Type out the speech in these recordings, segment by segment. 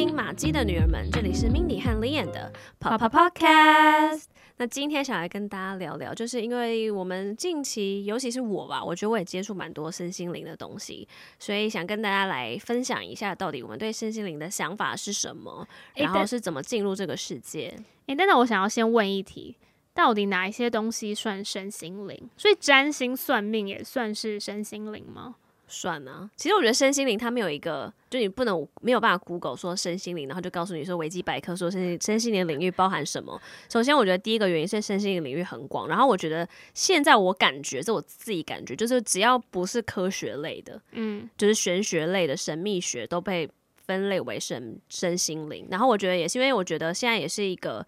新馬姬的女兒們，這裡是 Mindy 和 Lianne 的 Pop Pop Podcast。那今天想來跟大家聊聊，就是因為我們近期，尤其是我吧，我覺得我也接觸蠻多身心靈的東西，所以想跟大家來分享一下，到底我們對身心靈的想法是什麼，然後是怎麼進入這個世界。誒、欸，但是，欸、等等我想要先問一題，到底哪一些東西算身心靈？所以占星算命也算是身心靈嗎？算啊，其實我覺得身心靈它沒有一個，就你不能沒有辦法 Google 說身心靈，然後就告訴你說維基百科說身心身心靈領域包含什麼。首先，我覺得第一個原因是身心靈領域很廣，然後我覺得現在我感覺，這我自己感覺，就是只要不是科學類的，嗯，就是玄學類的神秘學都被分類為身身心靈，然後我覺得也是因為我覺得現在也是一個。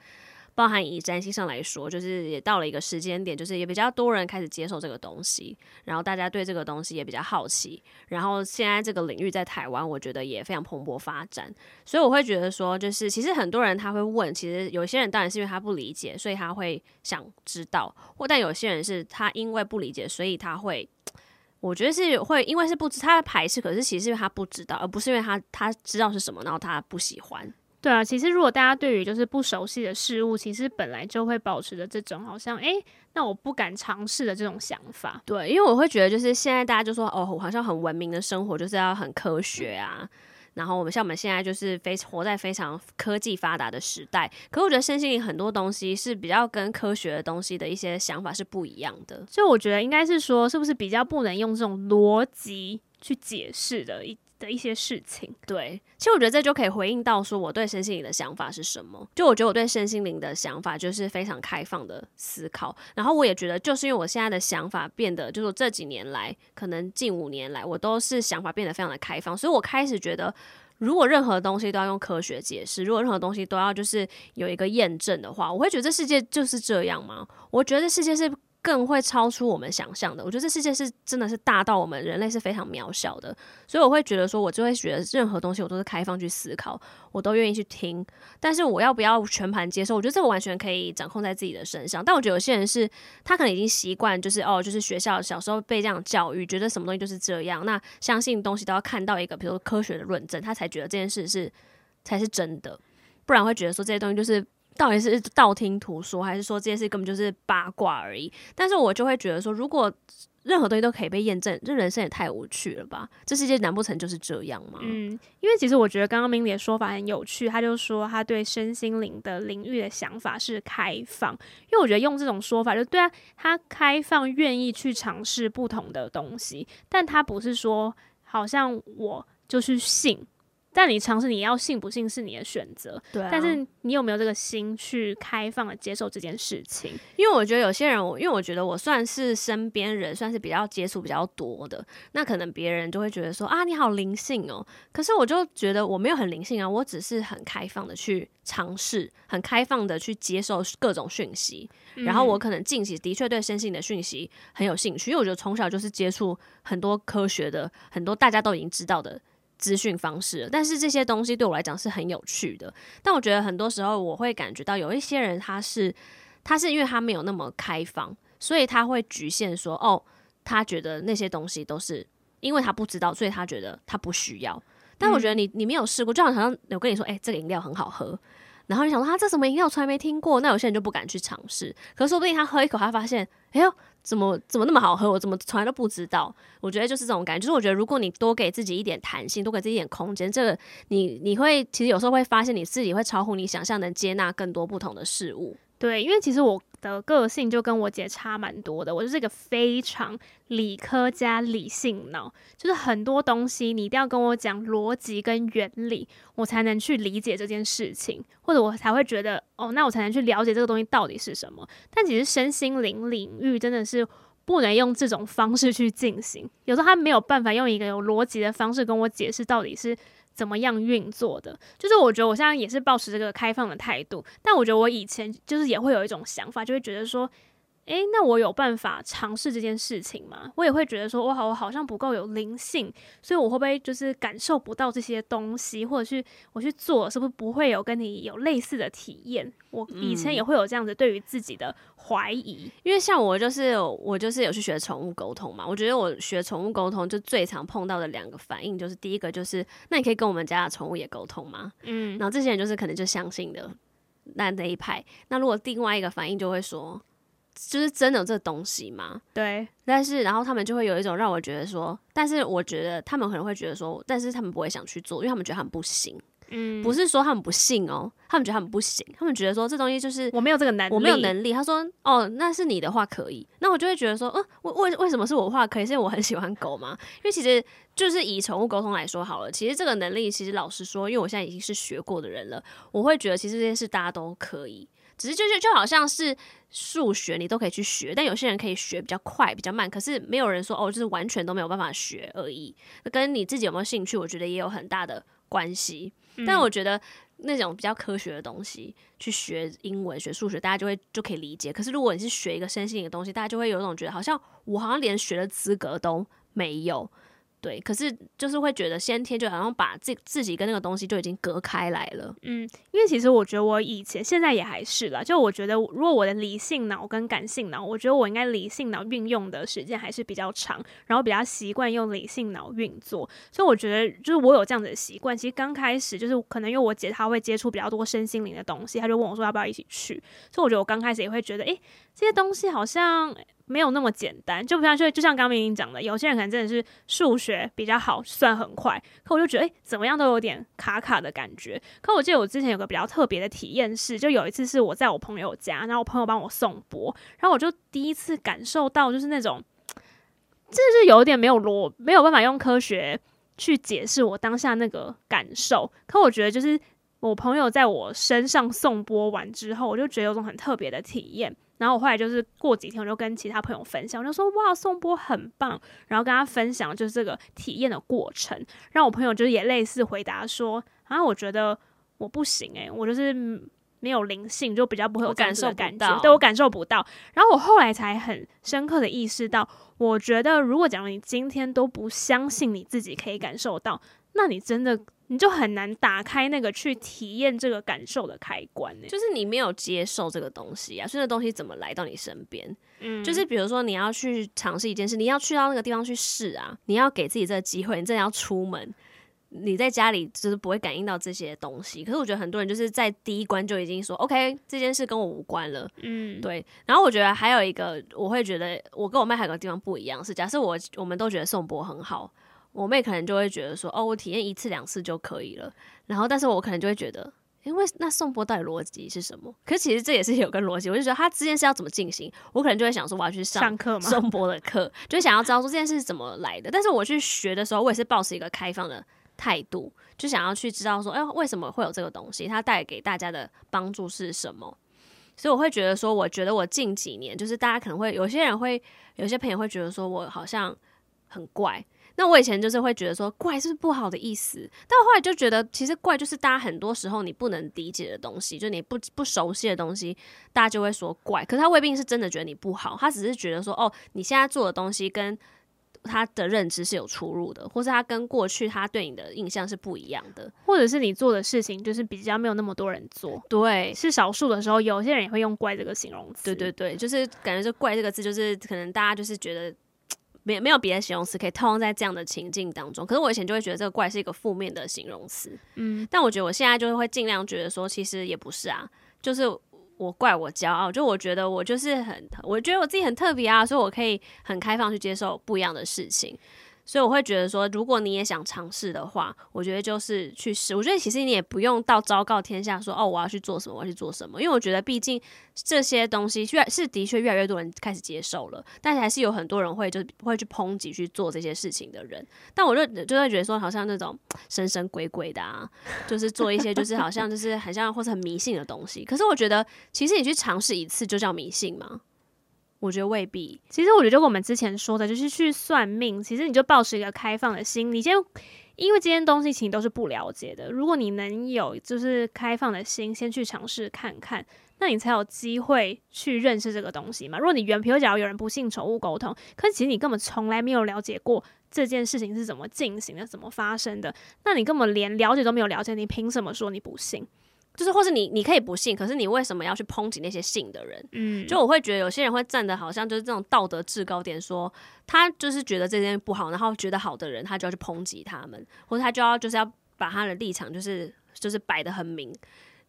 包含以占星上來說，就是也到了一個時間點，就是也比較多人開始接受這個東西，然後大家對這個東西也比較好奇，然後現在這個領域在台灣，我覺得也非常蓬勃發展，所以我會覺得說，就是其實很多人他會問，其實有些人當然是因為他不理解，所以他會想知道，或但有些人是他因為不理解，所以他會，我覺得是會因為是不知他的排斥，可是其實是因為他不知道，而不是因為他他知道是什麼，然後他不喜歡。對啊，其實如果大家對於就是不熟悉的事物，其實本來就會保持着這種好像哎、欸，那我不敢嘗試的這種想法。對，因為我會覺得就是現在大家就說哦，我好像很文明的生活就是要很科學啊，然後我們像我們現在就是非活在非常科技發達的時代，可是我覺得身心靈很多東西是比較跟科學的東西的一些想法是不一樣的，所以我覺得應該是說是不是比較不能用這種邏輯去解釋的一。一的一些事情，對，其實我覺得這就可以回應到說我對身心靈的想法是什麼。就我覺得我對身心靈的想法就是非常開放的思考，然後我也覺得就是因為我現在的想法變得，就是這幾年來，可能近五年來，我都是想法變得非常的開放，所以我開始覺得，如果任何東西都要用科學解釋，如果任何東西都要就是有一個驗證的話，我會覺得這世界就是這樣嗎？我覺得這世界是。更會超出我們想象的。我覺得這世界是真的是大到我們人類是非常渺小的，所以我會覺得說，我就會覺得任何東西我都是開放去思考，我都願意去聽。但是我要不要全盤接受？我覺得這個完全可以掌控在自己的身上。但我覺得有些人是他可能已經習慣，就是哦，就是學校小時候被這樣教育，覺得什麼東西就是這樣。那相信東西都要看到一個，比如說科學的論證，他才覺得這件事是才是真的，不然會覺得說這些東西就是。到底是道聽途說，還是說這件事根本就是八卦而已？但是我就會覺得說，如果任何東西都可以被驗證，這人生也太無趣了吧？這世界難不成就是這樣嗎？嗯，因為其實我覺得剛剛 Mindy 的說法很有趣，他就說他對身心靈的領域的想法是開放，因為我覺得用這種說法就對啊，他開放，願意去嘗試不同的東西，但他不是說好像我就是信。但你嘗試，你要信不信是你的選擇。對啊，但是你有沒有這個心去開放的接受這件事情？因為我覺得有些人，我因為我覺得我算是身邊人，算是比較接觸比較多的。那可能別人就會覺得說啊，你好靈性哦。可是我就覺得我沒有很靈性啊，我只是很開放的去嘗試，很開放的去接受各種訊息。嗯，然後我可能近期的確對身心的訊息很有興趣，因為我覺得從小就是接觸很多科學的，很多大家都已經知道的資訊方式，但是這些東西對我來講是很有趣的。但我覺得很多時候，我會感覺到有一些人，他是他是因為他沒有那麼開放，所以他會侷限說，哦，他覺得那些東西都是因為他不知道，所以他覺得他不需要。但我覺得你你沒有試過，就好像我跟你說，欸，這個飲料很好喝。然後你想說，他這什麼飲料？我從來沒聽過。那有些人就不敢去嘗試。可是說不定他喝一口，他發現，哎呦，怎麼怎麼那麼好喝，我怎麼從來都不知道。我覺得就是這種感覺。就是我覺得，如果你多給自己一點彈性，多給自己一點空間，這個你你會其實有時候會發現你自己會超乎你想象，能接納更多不同的事物。對，因為其實我。的個性就跟我姐差蠻多的，我就是一個非常理科加理性腦，就是很多東西你一定要跟我講邏輯跟原理，我才能去理解這件事情，或者我才會覺得哦，那我才能去了解這個東西到底是什麼。但其實身心靈領域真的是不能用這種方式去進行，有時候他沒有辦法用一個有邏輯的方式跟我解釋到底是。怎麼樣運作的？就是我覺得我現在也是保持這個開放的態度，但我覺得我以前就是也會有一種想法，就會覺得說。誒，那我有辦法嘗試這件事情嗎？我也會覺得說，我好，我好像不夠有靈性，所以我會不會就是感受不到這些東西，或者去我去做，是不是不會有跟你有類似的體驗？我以前也會有這樣子對於自己的懷疑，嗯，因為像我就是我就是有去學寵物溝通嘛，我覺得我學寵物溝通就最常碰到的兩個反應，就是第一個就是，那你可以跟我們家的寵物也溝通嗎？嗯，然後這些人就是可能就相信的那那一派，那如果另外一個反應就會說。就是真的有這個東西嗎？對。但是然後他們就會有一種讓我覺得說，但是我覺得他們可能會覺得說，但是他們不會想去做，因為他們覺得他們不行。嗯，不是說他們不信哦，他們覺得他們不行，他們覺得說這東西就是我沒有這個能力，我沒有能力。他說哦，那是你的話可以，那我就會覺得說，嗯、呃，為為什麼是我的話可以？是因為我很喜歡狗嗎？因為其實就是以寵物溝通來說好了，其實這個能力，其實老實說，因為我現在已經是學過的人了，我會覺得其實這件事大家都可以。只是就是就，就好像是數學，你都可以去學，但有些人可以學比較快，比較慢，可是沒有人說哦，就是完全都沒有辦法學而已。跟你自己有沒有興趣，我覺得也有很大的關係。嗯、但我覺得那種比較科學的東西，去學英文、學數學，大家就會就可以理解。可是如果你是學一個身心靈的東西，大家就會有一種覺得好像我好像連學的資格都沒有。對，可是就是會覺得先天就好像把自自己跟那個東西就已經隔開來了。嗯，因為其實我覺得我以前現在也還是啦，就我覺得如果我的理性腦跟感性腦，我覺得我應該理性腦運用的時間還是比較長，然後比較習慣用理性腦運作。所以我覺得就是我有這樣子的習慣，其實剛開始就是可能因為我姐她會接觸比較多身心靈的東西，她就問我說要不要一起去。所以我覺得我剛開始也會覺得，誒，這些東西好像。沒有那麼簡單，就不像就就像剛剛 Mindy 講的，有些人可能真的是數學比較好，算很快。可我就覺得，誒，怎麼樣都有點卡卡的感覺。可我記得我之前有個比較特別的體驗，是就有一次是我在我朋友家，然後我朋友幫我頌缽，然後我就第一次感受到就是那種，真的是有點沒有邏，沒有辦法用科學去解釋我當下那個感受。可我覺得就是我朋友在我身上頌缽完之後，我就覺得有種很特別的體驗。然後我後來就是過幾天，我就跟其他朋友分享，我就說，哇，頌缽很棒。然後跟他分享就是這個體驗的過程，然後我朋友就是也類似回答說，啊，我覺得我不行哎、欸，我就是沒有靈性，就比較不會有感受感覺，我感對我感受不到。然後我後來才很深刻的意識到，我覺得如果假如你今天都不相信你自己可以感受到，那你真的。你就很難打開那個去體驗這個感受的開關，欸，就是你沒有接受這個東西啊，所以那個東西怎麼來到你身邊？嗯，就是比如說你要去嘗試一件事，你要去到那個地方去試啊，你要給自己這個機會，你真的要出門，你在家裡就是不會感應到這些東西。可是我覺得很多人就是在第一關就已經說，嗯，OK，這件事跟我無關了。嗯，對。然後我覺得還有一個，我會覺得我跟我妹還有個地方不一樣是假，假設我我們都覺得頌缽很好。我妹可能就會覺得說，哦，我體驗一次兩次就可以了。然後，但是我可能就會覺得，因、欸、為那頌缽到底邏輯是什麼？可是其實這也是有個邏輯。我就覺得他之前是要怎麼進行，我可能就會想說，我要去上課嗎？頌缽的課，就想要知道說這件事是怎麼來的。但是我去學的時候，我也是保持一個開放的態度，就想要去知道說，哎、欸，為什麼會有這個東西？它帶給大家的幫助是什麼？所以我會覺得說，我覺得我近幾年，就是大家可能會有些人會，有些朋友會覺得說我好像很怪。那我以前就是會覺得說怪是不是不好的意思，但我後來就覺得其實怪就是大家很多時候你不能理解的東西，就你不不熟悉的東西，大家就會說怪。可是他未必是真的覺得你不好，他只是覺得說哦，你現在做的東西跟他的認知是有出入的，或是他跟過去他對你的印象是不一樣的，或者是你做的事情就是比較沒有那麼多人做，對，是少數的時候，有些人也會用怪這個形容詞。對對對，就是感覺就怪這個字就是可能大家就是覺得。沒沒有別的形容詞可以套用在這樣的情境當中，可是我以前就會覺得這個怪是一個負面的形容詞，嗯，但我覺得我現在就是會盡量覺得說，其實也不是啊，就是我怪我驕傲，就我覺得我就是很，我覺得我自己很特別啊，所以我可以很開放去接受不一樣的事情。所以我會覺得說，如果你也想嘗試的話，我覺得就是去試。我覺得其實你也不用到昭告天下說哦，我要去做什麼，我要去做什麼。因為我覺得畢竟這些東西越，越是的確越來越多人開始接受了，但是還是有很多人會就會去抨擊去做這些事情的人。但我就就會覺得說，好像那種神神鬼鬼的啊，就是做一些就是好像就是很像 或者很迷信的東西。可是我覺得，其實你去嘗試一次就叫迷信嗎？我覺得未必。其實我覺得跟我們之前說的，就是去算命。其實你就抱持一個開放的心，你先，因為這些東西其實都是不了解的。如果你能有就是開放的心，先去嘗試看看，那你才有機會去認識這個東西嘛。如果你原皮，比如假如有人不信寵物溝通，可是其實你根本從來沒有了解過這件事情是怎麼進行的，怎麼發生的。那你根本連了解都沒有了解，你憑什麼說你不信？就是，或是你你可以不信，可是你為什麼要去抨擊那些信的人？嗯，就我會覺得有些人會站得好像就是這種道德制高點說，說他就是覺得這件不好，然後覺得好的人，他就要去抨擊他們，或者他就要就是要把他的立場就是就是擺得很明。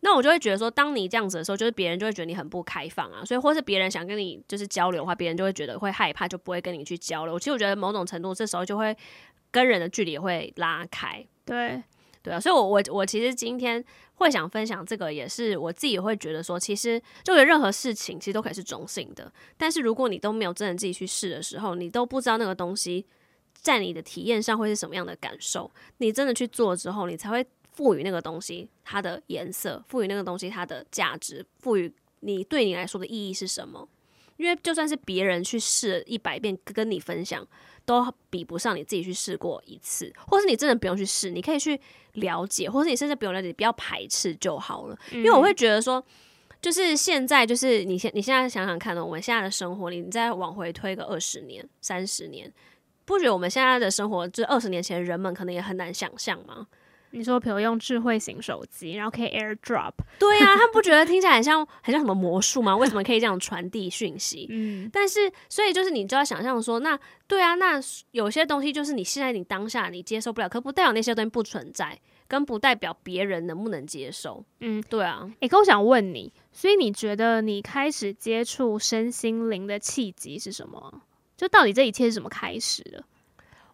那我就會覺得說，當你這樣子的時候，就是別人就會覺得你很不開放啊，所以或是別人想跟你就是交流的話，別人就會覺得會害怕，就不會跟你去交流。其實我覺得某種程度這時候就會跟人的距離也會拉開。對。對啊，所以我，我我我其實今天會想分享這個，也是我自己也會覺得說，其實就任何事情，其實都可以是中性的。但是，如果你都沒有真的自己去試的時候，你都不知道那個東西在你的體驗上會是什麼樣的感受。你真的去做之後，你才會賦予那個東西它的顏色，賦予那個東西它的價值，賦予你對你來說的意義是什麼。因為就算是別人去試一百遍跟你分享，都比不上你自己去試過一次。或是你真的不用去試，你可以去了解，或是你甚至不用了解，不要排斥就好了。嗯、因為我會覺得說，就是現在，就是你現你現在想想看呢，我們現在的生活裡，你再往回推個二十年、三十年，不覺得我們現在的生活，就是二十年前人們可能也很難想象嗎？你說，比如用智慧型手機，然後可以 AirDrop。對啊，他們不覺得聽起來很像 很像什麼魔術嗎？為什麼可以這樣傳遞訊息？ 嗯，但是所以就是你就要想象說，那對啊，那有些東西就是你現在你當下你接受不了，可不代表那些東西不存在，跟不代表別人能不能接受。嗯，對啊。誒、欸，可我想問你，所以你覺得你開始接觸身心靈的契機是什麼？就到底這一切是怎麼開始的？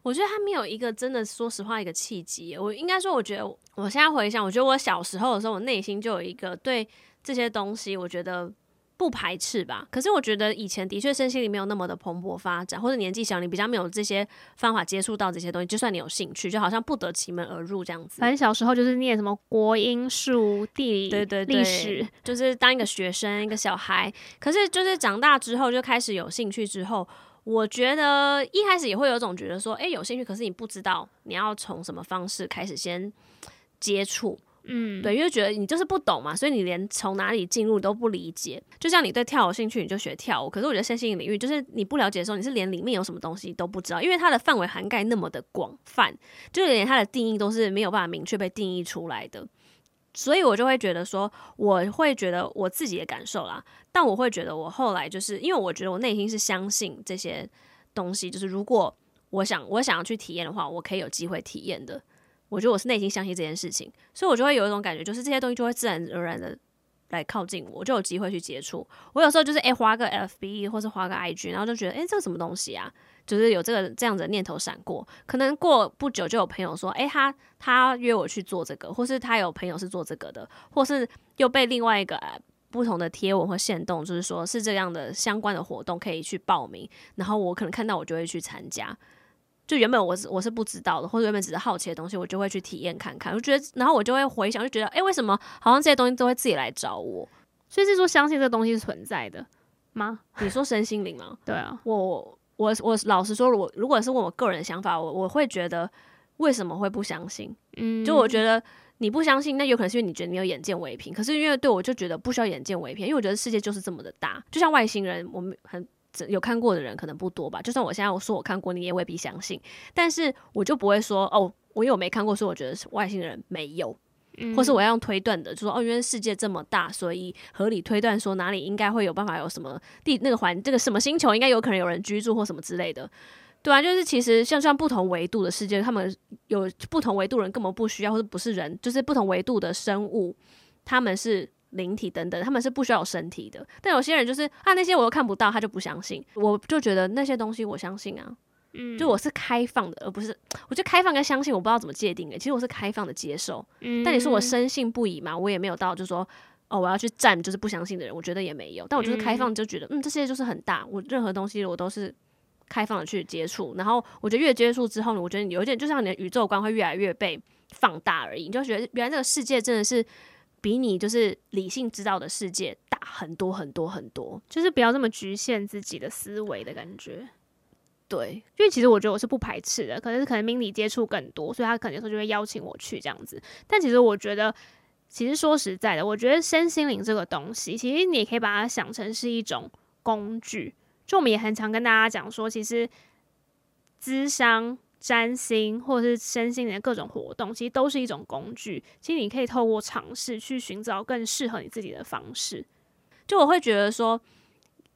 我覺得他沒有一個真的，說實話，一個契機。我應該說，我覺得我現在回想，我覺得我小時候的時候，我內心就有一個對這些東西，我覺得不排斥吧。可是我覺得以前的確身心靈沒有那麼的蓬勃發展，或者年紀小，你比較沒有這些方法接觸到這些東西。就算你有興趣，就好像不得其門而入這樣子。反正小時候就是念什麼國英數地理，對對，歷史，就是當一個學生，一個小孩。可是就是長大之後就開始有興趣之後。我覺得一開始也會有一種覺得說，哎、欸，有興趣，可是你不知道你要從什麼方式開始先接觸，嗯，對，因為覺得你就是不懂嘛，所以你連從哪裡進入都不理解。就像你對跳舞有興趣，你就學跳舞。可是我覺得新興領域就是你不了解的時候，你是連裡面有什麼東西都不知道，因為它的範圍涵蓋那麼的廣泛，就連它的定義都是沒有辦法明確被定義出來的。所以我就會覺得說，我會覺得我自己的感受啦，但我會覺得我後來就是因為我覺得我內心是相信這些東西，就是如果我想我想要去體驗的話，我可以有機會體驗的。我覺得我是內心相信這件事情，所以我就會有一種感覺，就是這些東西就會自然而然的來靠近我，就有機會去接觸。我有時候就是哎，花個、L、F B 或是花個 I G，然後就覺得哎，這個什麼東西啊，就是有這個這樣子的念頭閃過。可能過不久就有朋友說，哎，他他約我去做這個，或是他有朋友是做這個的，或是又被另外一個、啊、不同的貼文或限動，就是說是這樣的相關的活動可以去報名，然後我可能看到我就會去參加。就原本我是我是不知道的，或者原本只是好奇的東西，我就會去體驗看看。我覺得，然後我就會回想，就覺得，哎、欸，為什麼好像這些東西都會自己來找我？所以是說相信這個東西是存在的嗎？你說身心靈嗎、啊？ 對啊，我我我老實說，我如果是問我個人的想法，我我會覺得為什麼會不相信？嗯，就我覺得你不相信，那有可能是因為你覺得你有眼見為憑，可是因為對我就覺得不需要眼見為憑，因為我覺得世界就是這麼的大，就像外星人，我們很。有看過的人可能不多吧，就算我現在我說我看過，你也未必相信。但是我就不會說哦，我有沒看過，所以我覺得是外星人沒有，嗯、或是我要用推斷的，就說哦，因為世界這麼大，所以合理推斷說哪裡應該會有辦法有什麼地那個環這個什麼星球應該有可能有人居住或什麼之類的。對啊，就是其實像像不同維度的世界，他們有不同維度人根本不需要，或者不是人，就是不同維度的生物，他們是。靈體等等，他們是不需要有身體的。但有些人就是啊，那些我又看不到，他就不相信。我就覺得那些東西，我相信啊，嗯，就我是開放的，而不是我覺得開放跟相信，我不知道怎麼界定的、欸。其實我是開放的接受，嗯、但你說我深信不疑嘛，我也沒有到就是說哦，我要去站就是不相信的人，我覺得也沒有。但我就是開放，就覺得嗯，嗯，這世界就是很大，我任何東西我都是開放的去接觸。然後我覺得越接觸之後呢，我覺得有一點就像你的宇宙觀會越來越被放大而已，你就覺得原來這個世界真的是。比你就是理性知道的世界大很多很多很多，就是不要這麼侷限自己的思維的感覺。對，因為其實我覺得我是不排斥的，可能是可能 Mindy 接觸更多，所以他可能說就會邀請我去這樣子。但其實我覺得，其實說實在的，我覺得身心靈這個東西，其實你也可以把它想成是一種工具。就我們也很常跟大家講說，其實諮商、占星、或者是身心靈的各種活動，其實都是一種工具。其實你可以透過嘗試去尋找更適合你自己的方式。就我會覺得說，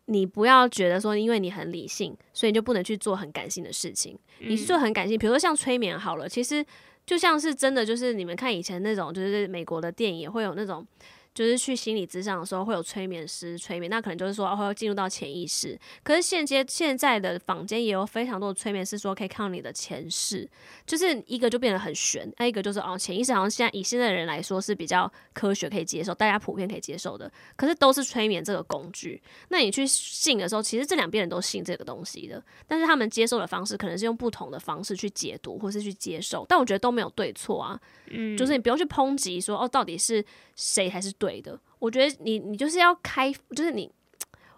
你不要覺得說，因為你很理性，所以你就不能去做很感性的事情。嗯、你去做很感性，比如說像催眠好了，其實就像是真的，就是你們看以前那種，就是美國的電影會有那種。就是去心理諮商的時候會有催眠師催眠，那可能就是說、哦、會要進入到潛意識。可是現階現在的坊間也有非常多的催眠師說可以看你的前世，就是一個就變得很玄另一個就是哦潛意識好像現在以現在的人來說是比較科學可以接受，大家普遍可以接受的。可是都是催眠這個工具，那你去信的時候，其實這兩邊人都信這個東西的，但是他們接受的方式可能是用不同的方式去解讀或是去接受。但我覺得都沒有對錯啊，嗯，就是你不用去抨擊說哦到底是誰還是。對的，我覺得你你就是要開，就是你，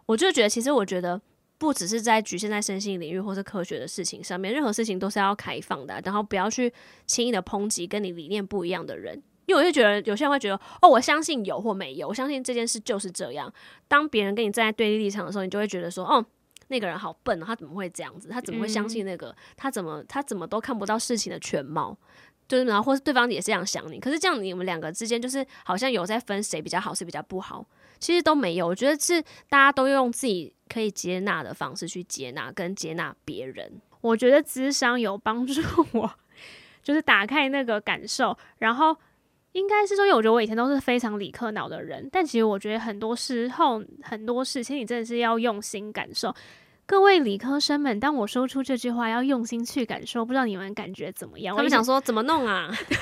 我就覺得其實我覺得不只是在局限在身心領域或是科學的事情上面，任何事情都是要開放的啊，然後不要去輕易的抨擊跟你理念不一樣的人，因為我就覺得有些人會覺得哦，我相信有或沒有，我相信這件事就是這樣。當別人跟你站在對立立場的時候，你就會覺得說，哦，那個人好笨啊，哦，他怎麼會這樣子？他怎麼會相信那個？嗯，他怎麼他怎麼都看不到事情的全貌？就是，然後或是對方也是這樣想你，可是這樣你們兩個之間就是好像有在分誰比較好，誰比較不好，其實都沒有。我覺得是大家都用自己可以接納的方式去接納跟接納別人。我覺得諮商有幫助我，就是打開那個感受。然後應該是說，因為我覺得我以前都是非常理科腦的人，但其實我覺得很多時候很多事情你真的是要用心感受。各位理科生們，當我說出這句話，要用心去感受。不知道你們感覺怎麼樣？他們想說怎麼弄啊？ 對，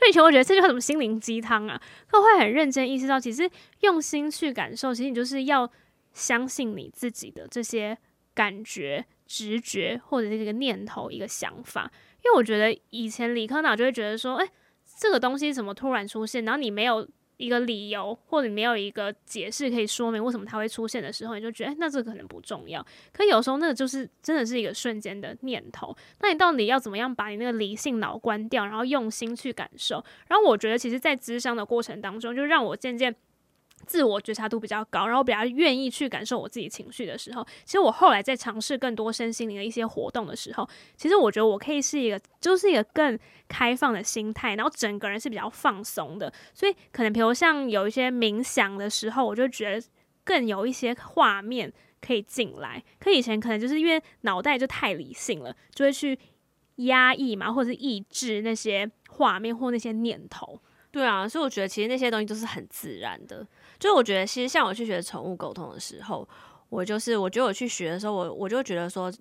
就以前我覺得這句話怎麼，心靈雞湯啊，他會很認真意識到，其實用心去感受，其實你就是要相信你自己的這些感覺、直覺，或者是一個念頭、一個想法。因為我覺得以前理科腦就會覺得說，哎、欸，這個東西怎麼突然出現？然後你沒有一個理由或者沒有一個解釋可以說明為什麼它會出現的時候，你就覺得誒，那這可能不重要。可有時候那個就是真的是一個瞬間的念頭。那你到底要怎麼樣把你那個理性腦關掉，然後用心去感受？然後我覺得其實，在諮商的過程當中，就讓我漸漸。自我覺察度比較高，然後比較願意去感受我自己情緒的時候，其實我後來在嘗試更多身心靈的一些活動的時候，其實我覺得我可以是一個，就是一個更開放的心態，然後整個人是比較放鬆的。所以可能比如像有一些冥想的時候，我就覺得更有一些畫面可以進來。可以前可能就是因為腦袋就太理性了，就會去壓抑嘛，或者是抑制那些畫面或那些念頭。對啊，所以我覺得其實那些東西都是很自然的。就我覺得，其實像我去學寵物溝通的時候，我就是我覺得我去學的時候，我我就覺得說，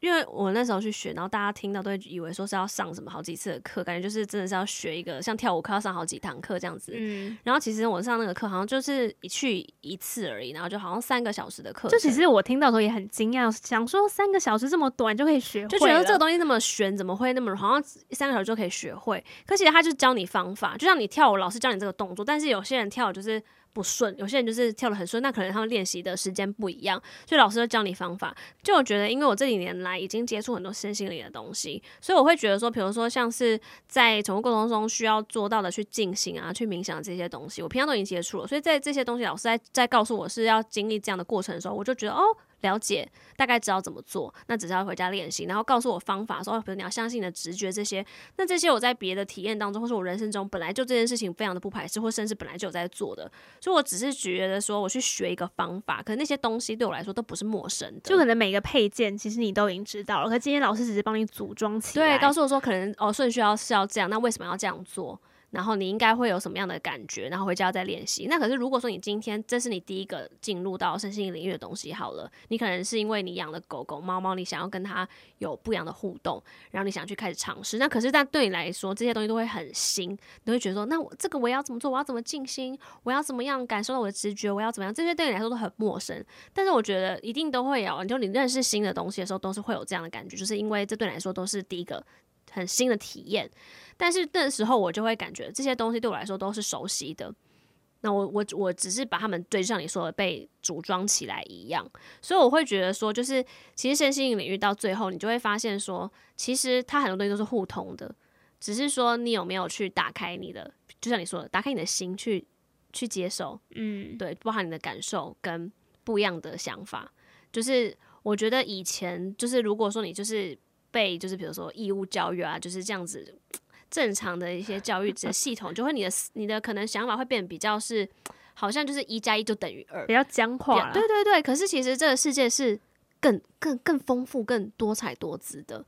因為我那時候去學，然後大家聽到都會以為說是要上什麼好幾次的課，感覺就是真的是要學一個像跳舞課要上好幾堂課這樣子。嗯。然後其實我上那個課好像就是一去一次而已，然後就好像三個小時的課。就其實我聽到的時候也很驚訝，想說三個小時這麼短就可以學會，會，就覺得這個東西那麼玄，怎麼會那麼容易，好像三個小時就可以學會？可其實他就是教你方法，就像你跳舞老師教你這個動作，但是有些人跳就是。不順，有些人就是跳得很順，那可能他們練習的時間不一樣，所以老師就教你方法。就我覺得，因為我這幾年來已經接觸很多身心靈的東西，所以我會覺得說，比如說像是在寵物過程中需要做到的去進行啊、去冥想這些東西，我平常都已經接觸了，所以在這些東西老師在在告訴我是要經歷這樣的過程的時候，我就覺得哦。了解，大概知道怎麼做，那只是要回家練習，然後告訴我方法，說，比如你要相信你的直覺這些，那這些我在別的體驗當中，或是我人生中本來就這件事情非常的不排斥，或甚至本來就有在做的，所以我只是覺得說，我去學一個方法，可能那些東西對我來說都不是陌生的，就可能每一個配件其實你都已經知道了，可是今天老師只是幫你組裝起來，對，告訴我說可能哦順序要是要這樣，那為什麼要這樣做？然後你應該會有什麼樣的感覺？然後回家再練習。那可是如果說你今天這是你第一個進入到身心領域的東西，好了，你可能是因為你養的狗狗、貓貓，你想要跟它有不一樣的互動，然後你想去開始嘗試。那可是，但對你來說，這些東西都會很新，你會覺得說，那我這個我要怎麼做？我要怎麼靜心？我要怎麼樣感受到我的直覺？我要怎麼樣？這些對你來說都很陌生。但是我覺得一定都會有。你就你認識新的東西的時候，都是會有這樣的感覺，就是因為這對你來說都是第一個很新的體驗。但是那時候我就會感覺這些東西對我來說都是熟悉的，那我我我只是把他們對，就像你說的被組裝起來一樣，所以我會覺得說，就是其實身心領域到最後，你就會發現說，其實它很多東西都是互通的，只是說你有沒有去打開你的，就像你說的，打開你的心去去接受，嗯，對，包含你的感受跟不一樣的想法，就是我覺得以前就是如果說你就是被就是比如說義務教育啊，就是這樣子。正常的一些教育的系統，就會你的你的可能想法會變得比較是，好像就是一加一就等於二，比較僵化。對對對，可是其實這個世界是更更更豐富、更多彩多姿的。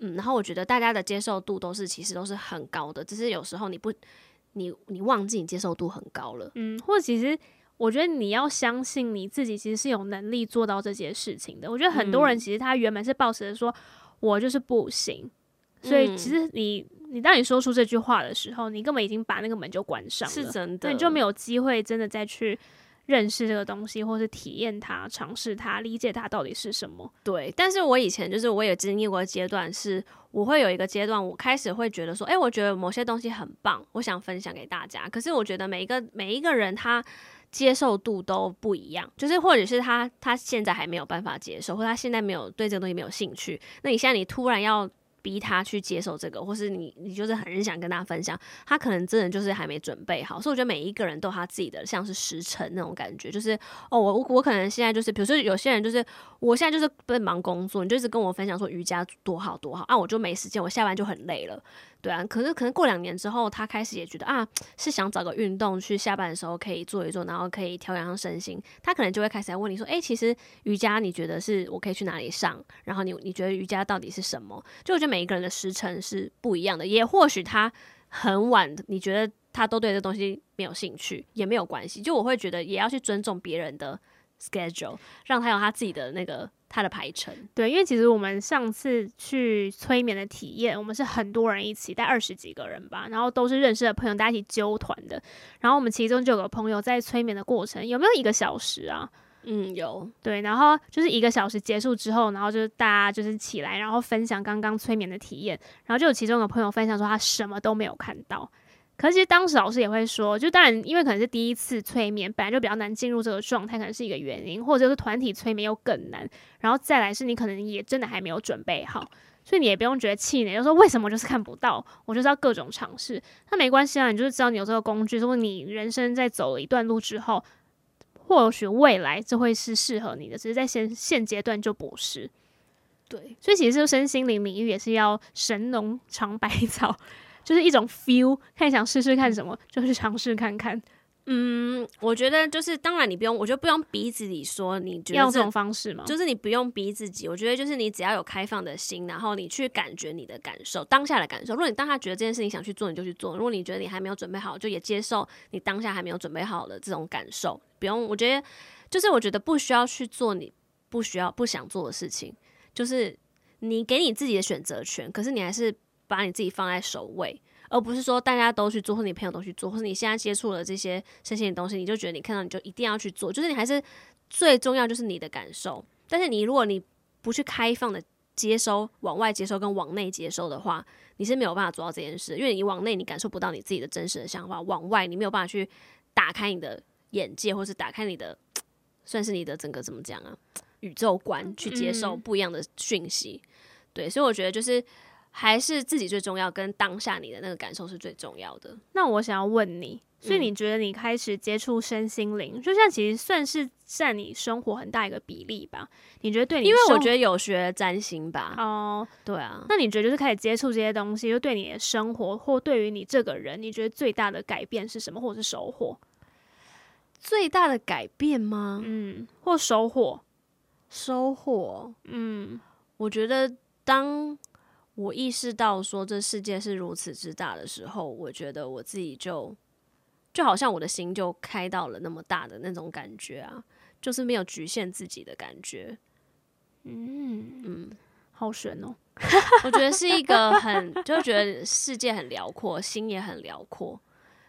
嗯，然後我覺得大家的接受度都是其實都是很高的，只是有時候你不你你忘記你接受度很高了。嗯，或者其實我覺得你要相信你自己，其實是有能力做到這件事情的。我覺得很多人其實他原本是抱持着說我就是不行，嗯，所以其實你。你當你說出這句話的時候，你根本已經把那個門就關上了，是真的，你就沒有機會真的再去認識這個東西，或是體驗它、嘗試它、理解它到底是什麼。對，但是我以前就是我也經歷過階段是，是我會有一個階段，我開始會覺得說，誒、欸，我覺得某些東西很棒，我想分享給大家。可是我覺得每一個每一個人他接受度都不一樣，就是或者是他他現在還沒有辦法接受，或者他現在沒有對這個東西沒有興趣。那你現在你突然要。逼他去接受這個，或是你你就是很想跟他分享，他可能真的就是還沒準備好。所以我覺得每一個人都有他自己的，像是時辰那種感覺，就是哦，我我可能現在就是，比如說有些人就是，我現在就是被忙工作，你就是跟我分享說瑜伽多好多好，啊，我就沒時間，我下班就很累了。對啊，可是可能過兩年之後，他開始也覺得啊，是想找個運動，去下班的時候可以做一做，然後可以調養身心。他可能就會開始來問你說，哎，其實瑜伽你覺得是我可以去哪裡上？然後你你覺得瑜伽到底是什麼？就我覺得每一個人的時辰是不一樣的，也或許他很晚，你覺得他都對這個東西沒有興趣，也沒有關係。就我會覺得也要去尊重別人的 schedule，讓他有他自己的那個。他的排程對，因為其實我們上次去催眠的體驗，我們是很多人一起，大概二十幾個人吧，然後都是認識的朋友，大家一起揪團的。然後我們其中就有個朋友在催眠的過程，有沒有一個小時啊？嗯，有。對，然後就是一個小時結束之後，然後就是大家就是起來，然後分享剛剛催眠的體驗，然後就有其中的朋友分享說他什麼都沒有看到。可是，當時老師也會說，就當然，因為可能是第一次催眠，本來就比較難進入這個狀態，可能是一個原因，或者是團體催眠又更難，然後再來是你可能也真的還沒有準備好，所以你也不用覺得氣餒，就說為什麼我就是看不到，我就是要各種嘗試，那沒關係啊，你就是知道你有這個工具，如果你人生在走了一段路之後，或許未來就會是適合你的，只是在現現階段就不是。對，所以其實身心靈領域也是要神農嘗百草。就是一種 feel，看你想試試看什麼，就去嘗試看看。嗯，我覺得就是，當然你不用，我覺得不用逼自己說，你覺得要這種方式嗎？就是你不用逼自己，我覺得就是你只要有開放的心，然後你去感覺你的感受，當下的感受。如果你當下覺得這件事情想去做，你就去做；如果你覺得你還沒有準備好，就也接受你當下還沒有準備好的這種感受。不用，我覺得就是我覺得不需要去做你不需要不想做的事情，就是你給你自己的選擇權。可是你還是。把你自己放在首位，而不是說大家都去做，或你朋友都去做，或是你現在接觸了這些新興的東西，你就覺得你看到你就一定要去做。就是你還是最重要，就是你的感受。但是你如果你不去開放的接收，往外接收跟往內接收的話，你是沒有辦法做到這件事。因為你往內你感受不到你自己的真實的想法，往外你沒有辦法去打開你的眼界，或是打開你的算是你的整個怎麼講啊，宇宙觀去接受不一樣的訊息。嗯、對，所以我覺得就是。還是自己最重要，跟當下你的那個感受是最重要的。那我想要問你，所以你覺得你開始接觸身心靈，嗯、就像其實算是占你生活很大一個比例吧？你覺得對你，因為我覺得有學占星吧。哦，oh, 對啊。那你覺得就是開始接觸這些東西，就對你的生活或對於你這個人，你覺得最大的改變是什麼，或者是收穫？最大的改變嗎？嗯，或收穫？收穫？嗯，我覺得當。我意識到說這世界是如此之大的時候，我覺得我自己就就好像我的心就開到了那麼大的那種感覺啊，就是沒有局限自己的感覺。嗯嗯，好玄哦、喔！ 我覺得是一個很就覺得世界很遼闊，心也很遼闊，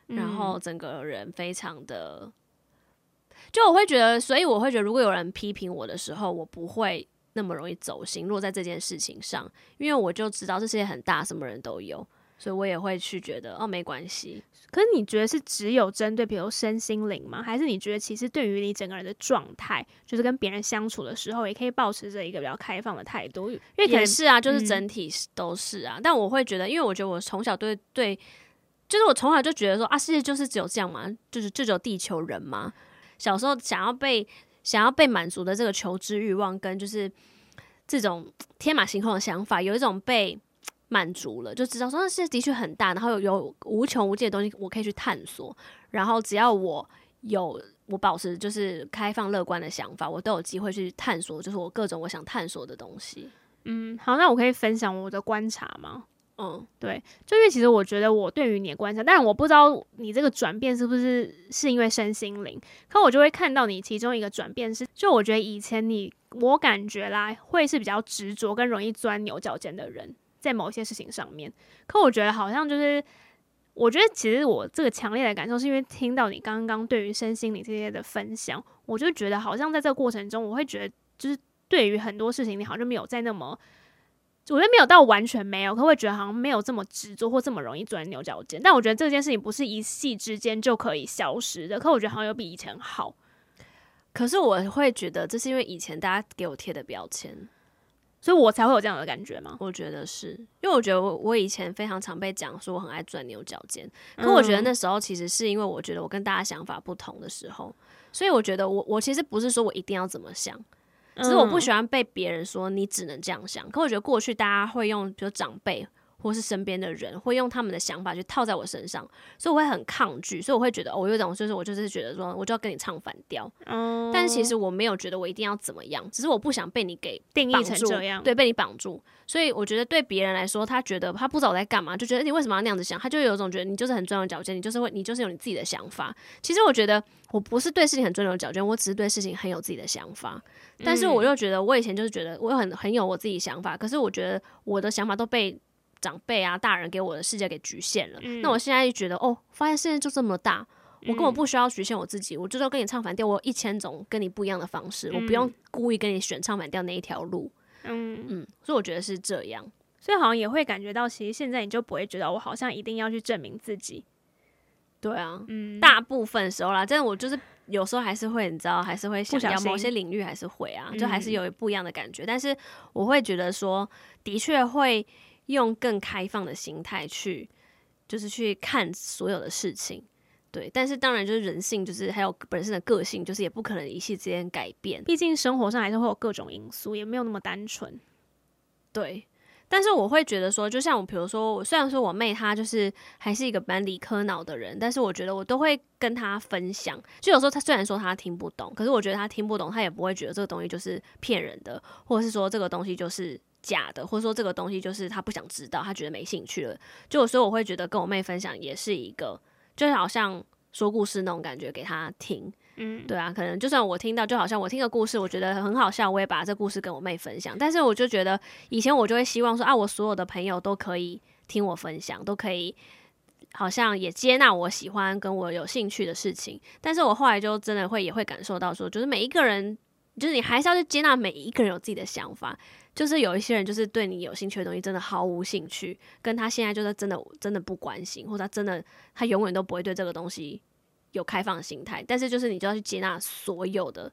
然後整個人非常的。嗯、就我會覺得，所以我會覺得，如果有人批評我的時候，我不會。那麼容易走心落在這件事情上，因為我就知道這世界很大，什麼人都有，所以我也會去覺得哦，沒關係。可是你覺得是只有針對比如身心靈嗎？還是你覺得其實對於你整個人的狀態，就是跟別人相處的時候，也可以保持着一個比較開放的態度？因為可是啊，嗯、就是整體都是啊。但我會覺得，因為我覺得我從小對對，就是我從小就覺得說啊，世界就是只有這樣嘛，就是這種地球人嘛。小時候想要被。想要被滿足的這個求知慾望，跟就是這種天馬行空的想法，有一種被滿足了，就知道說那其實的確很大，然後有、有無窮無盡的東西我可以去探索。然後只要我有我保持就是開放樂觀的想法，我都有機會去探索，就是我各種我想探索的東西。嗯，好，那我可以分享我的觀察嗎？嗯，對，就因為其實我覺得我對於你的觀察，但是我不知道你這個轉變是不是是因為身心靈，可我就會看到你其中一個轉變是，就我覺得以前你，我感覺啦會是比較執着跟容易鑽牛角尖的人，在某些事情上面，可我覺得好像就是，我覺得其實我這個強烈的感受是因為聽到你剛剛對於身心靈這些的分享，我就覺得好像在這個過程中，我會覺得就是對於很多事情，你好像沒有再那麼。我覺得沒有到完全沒有，可我覺得好像沒有這麼執着或這麼容易鑽牛角尖。但我覺得這件事情不是一夕之間就可以消失的。可我覺得好像有比以前好，可是我會覺得這是因為以前大家給我貼的標籤，所以我才會有這樣的感覺嗎？我覺得是因為我覺得我我以前非常常被講說我很愛鑽牛角尖，可我覺得那時候其實是因為我覺得我跟大家想法不同的時候，所以我覺得我我其實不是說我一定要怎麼想。只是我不喜歡被別人說你只能這樣想，嗯、可我覺得過去大家會用，就長輩。或是身邊的人會用他們的想法去套在我身上，所以我會很抗拒，所以我會覺得我、哦、有這種，就是我就是覺得說，我就要跟你唱反調。嗯、但其實我沒有覺得我一定要怎麼樣，只是我不想被你給定義成這樣，對，被你綁住。所以我覺得對別人來說，他覺得他不知道我在幹嘛，就覺得你為什麼要那樣子想，他就有一種覺得你就是很鑽牛角尖，你就是會，你就是有你自己的想法。其實我覺得我不是對事情很鑽牛角尖，我只是對事情很有自己的想法。嗯、但是我又覺得我以前就是覺得我很很有我自己想法，可是我覺得我的想法都被。長輩啊，大人給我的世界給局限了嗯、那我現在就覺得，哦，發現世界就這麼大，我根本不需要局限我自己。嗯、我就要跟你唱反調，我有一千種跟你不一樣的方式，嗯、我不用故意跟你選唱反調那一條路。嗯嗯，所以我覺得是這樣，所以好像也會感覺到，其實現在你就不會覺得我好像一定要去證明自己。對啊，嗯，大部分時候啦，真的，我就是有時候還是會，你知道，還是會想要某些領域還是會啊，就還是有一不一樣的感覺。嗯、但是我會覺得說，的確會。用更開放的心態去，就是去看所有的事情，對。但是當然就是人性，就是還有本身的個性，就是也不可能一夕之間改變。畢竟生活上還是會有各種因素，也沒有那麼單純。對，但是我會覺得說，就像我，比如說，我雖然說我妹她就是還是一個蠻理科腦的人，但是我覺得我都會跟她分享。就有時候她雖然說她聽不懂，可是我覺得她聽不懂，她也不會覺得這個東西就是騙人的，或者是說這個東西就是。假的，或者說這個東西就是他不想知道，他覺得沒興趣了，就我所以我會覺得跟我妹分享也是一個，就好像說故事那種感覺給他聽，嗯，對啊，可能就算我聽到，就好像我聽個故事，我覺得很好笑，我也把這故事跟我妹分享，但是我就覺得以前我就會希望說啊，我所有的朋友都可以聽我分享，都可以，好像也接納我喜歡跟我有興趣的事情，但是我後來就真的會也會感受到說，就是每一個人。就是你還是要去接納每一個人有自己的想法。就是有一些人就是對你有興趣的東西真的毫無興趣，跟他現在就是真的真的不關心，或者他真的他永遠都不會對這個東西有開放心態。但是就是你就要去接納所有的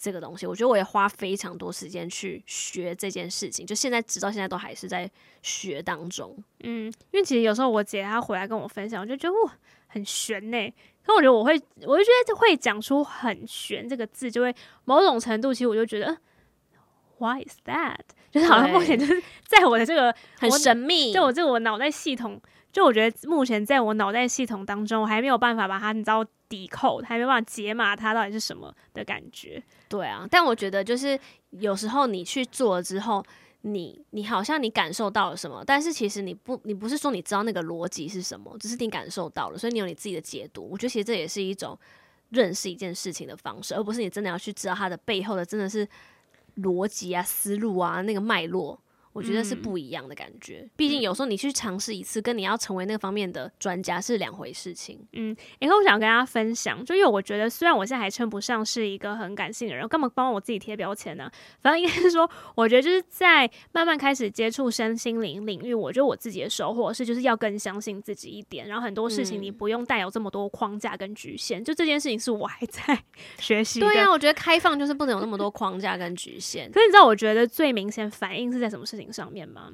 這個東西。我覺得我也花非常多時間去學這件事情，就現在直到現在都還是在學當中。嗯，因為其實有時候我姐她回來跟我分享，我就覺得哇，很玄呢、欸。那我覺得我會，我就覺得會講出很玄這個字，就會某種程度，其實我就覺得，Why is that？對就是好像目前就是在我的這個我很神秘，就我這個我腦袋系統，就我覺得目前在我腦袋系統當中，我還沒有辦法把它，你知道，抵扣，還沒有辦法解碼它到底是什麼的感覺。對啊，但我覺得就是有時候你去做之後。你你好像你感受到了什麼，但是其實你不你不是說你知道那個邏輯是什麼，只是你感受到了，所以你有你自己的解讀。我覺得其實這也是一種認識一件事情的方式，而不是你真的要去知道它的背後的真的是邏輯啊、思路啊、那個脈絡。我覺得是不一樣的感覺，畢、嗯、竟有時候你去嘗試一次，跟你要成為那個方面的專家是兩回事情。嗯，然、欸、後我想跟大家分享，就因為我覺得雖然我現在還稱不上是一個很感性的人，幹嘛幫我自己貼標籤呢、啊？反正應該是說，我覺得就是在慢慢開始接觸身心靈領域，我覺得我自己的收穫是就是要更相信自己一點。然後很多事情你不用帶有這麼多框架跟局限。嗯、就這件事情是我還在學習。對啊，我覺得開放就是不能有那麼多框架跟局限。所以 你知道，我覺得最明顯反應是在什麼事情？上面嗎？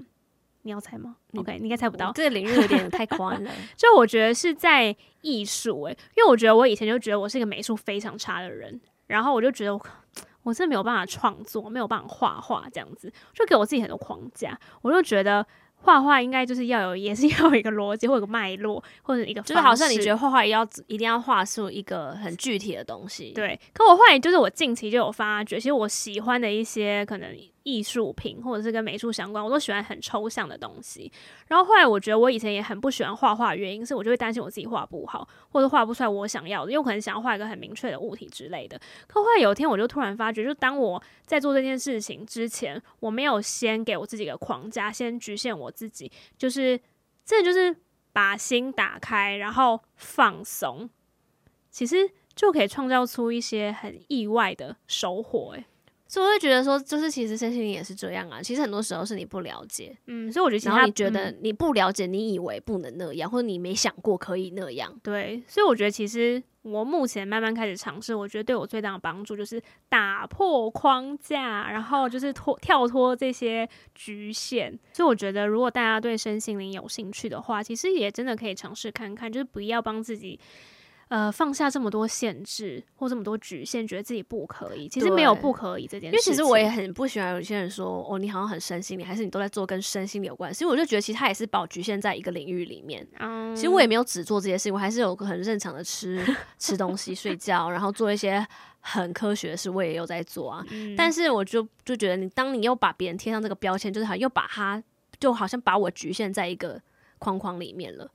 你要猜嗎？OK，、嗯、你應該猜不到，這個領域有點太寬了。 就我覺得是在藝術誒，因為我覺得我以前就覺得我是一個美術非常差的人，然後我就覺得我真的沒有辦法創作，沒有辦法畫畫這樣子，就給我自己很多框架。我就覺得畫畫應該就是要有，也是要有一個邏輯，或者一個脈絡，或者一個就是好像你覺得畫畫也要一定要畫出一個很具體的東西。對，可我畫，就是我近期就有發覺，其實我喜歡的一些可能。藝術品或者是跟美術相關，我都喜歡很抽象的東西。然後後來我覺得我以前也很不喜歡畫畫，原因是我就會擔心我自己畫不好，或者畫不出來我想要的，又可能想要畫一個很明確的物體之類的。可後來有一天我就突然發覺，就當我在做這件事情之前，我沒有先給我自己一個框架，先局限我自己，就是這就是把心打開，然後放鬆，其實就可以創造出一些很意外的收穫，欸。所以我會覺得說，就是其實身心靈也是這樣啊。其實很多時候是你不了解，嗯，所以我覺得，其實他你覺得你不了解，你以為不能那樣，嗯、或者你沒想過可以那樣。對，所以我覺得其實我目前慢慢開始嘗試，我覺得對我最大的幫助就是打破框架，然後就是脫跳脫這些局限。所以我覺得，如果大家對身心靈有興趣的話，其實也真的可以嘗試看看，就是不要幫自己。呃，放下這麼多限制或這麼多侷限，覺得自己不可以，其實沒有不可以對這件事。因為其實我也很不喜歡有些人說，哦，你好像很身心靈，你還是你都在做跟身心靈有關係。其實我就覺得，其實他也是把我侷限在一個領域裡面。其實、嗯、我也沒有只做這些事情，我還是有很正常的吃 吃東西、睡覺，然後做一些很科學的事，我也有在做啊。嗯、但是我就就覺得你，你當你又把別人貼上這個標籤，就是好像，又把他就好像把我侷限在一個框框裡面了，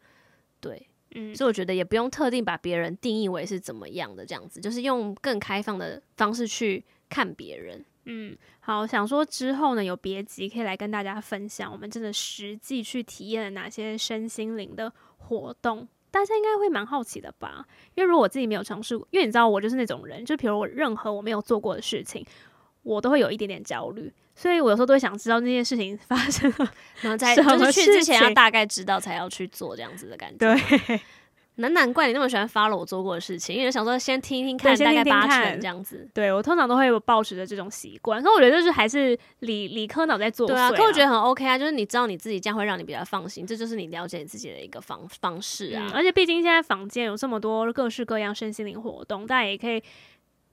對。嗯，所以我覺得也不用特定把別人定義為是怎麼樣的，這樣子，就是用更開放的方式去看別人。嗯，好，想說之後呢，有別集可以來跟大家分享，我們真的實際去體驗了哪些身心靈的活動，大家應該會蠻好奇的吧？因為如果我自己沒有嘗試過，因為你知道我就是那種人，就比如我任何我沒有做過的事情。我都會有一點點焦慮，所以我有時候都會想知道那件事情發生了，然後再就是去之前要大概知道才要去做這樣子的感覺。對，難難怪你那麼喜歡 follow 我做過的事情，因為想說先聽一聽看，大概八成這樣子。對，先聽聽看。對，我通常都會有保持的這種習慣，所以我覺得就是還是理理科腦在作祟啊。對啊。可我覺得很 OK 啊，就是你知道你自己這樣會讓你比較放心，這就是你了解你自己的一個方方式啊。嗯。而且畢竟現在坊間有這麼多各式各樣身心靈活動，大家也可以。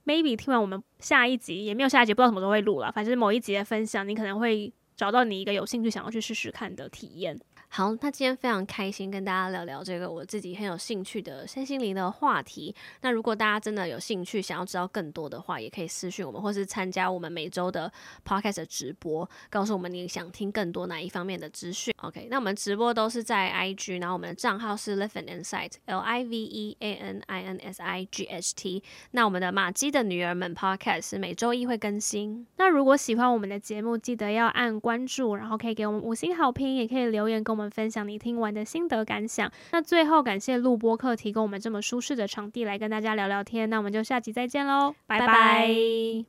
maybe 聽完我們下一集，也沒有下一集，不知道什麼時候會錄了。反正某一集的分享，你可能會找到你一個有興趣想要去試試看的體驗。好，那今天非常開心跟大家聊聊這個我自己很有興趣的身心靈的話題。那如果大家真的有興趣想要知道更多的話，也可以私訊我們，或是參加我們每周的 podcast 直播，告訴我們你想聽更多哪一方面的資訊。OK，那我們直播都是在 IG，然後我們的賬號是 Live an Insight, L I V E A N I N S I G H T。那我們的瑪姬的女兒們 podcast 是每周一會更新。那如果喜歡我們的節目，記得要按關注，然後可以給我們五星好評，也可以留言共。我們分享你聽完的心得感想。那最後感謝錄播客提供我們這麼舒適的場地來跟大家聊聊天。那我們就下集再見嘍，拜拜。拜拜。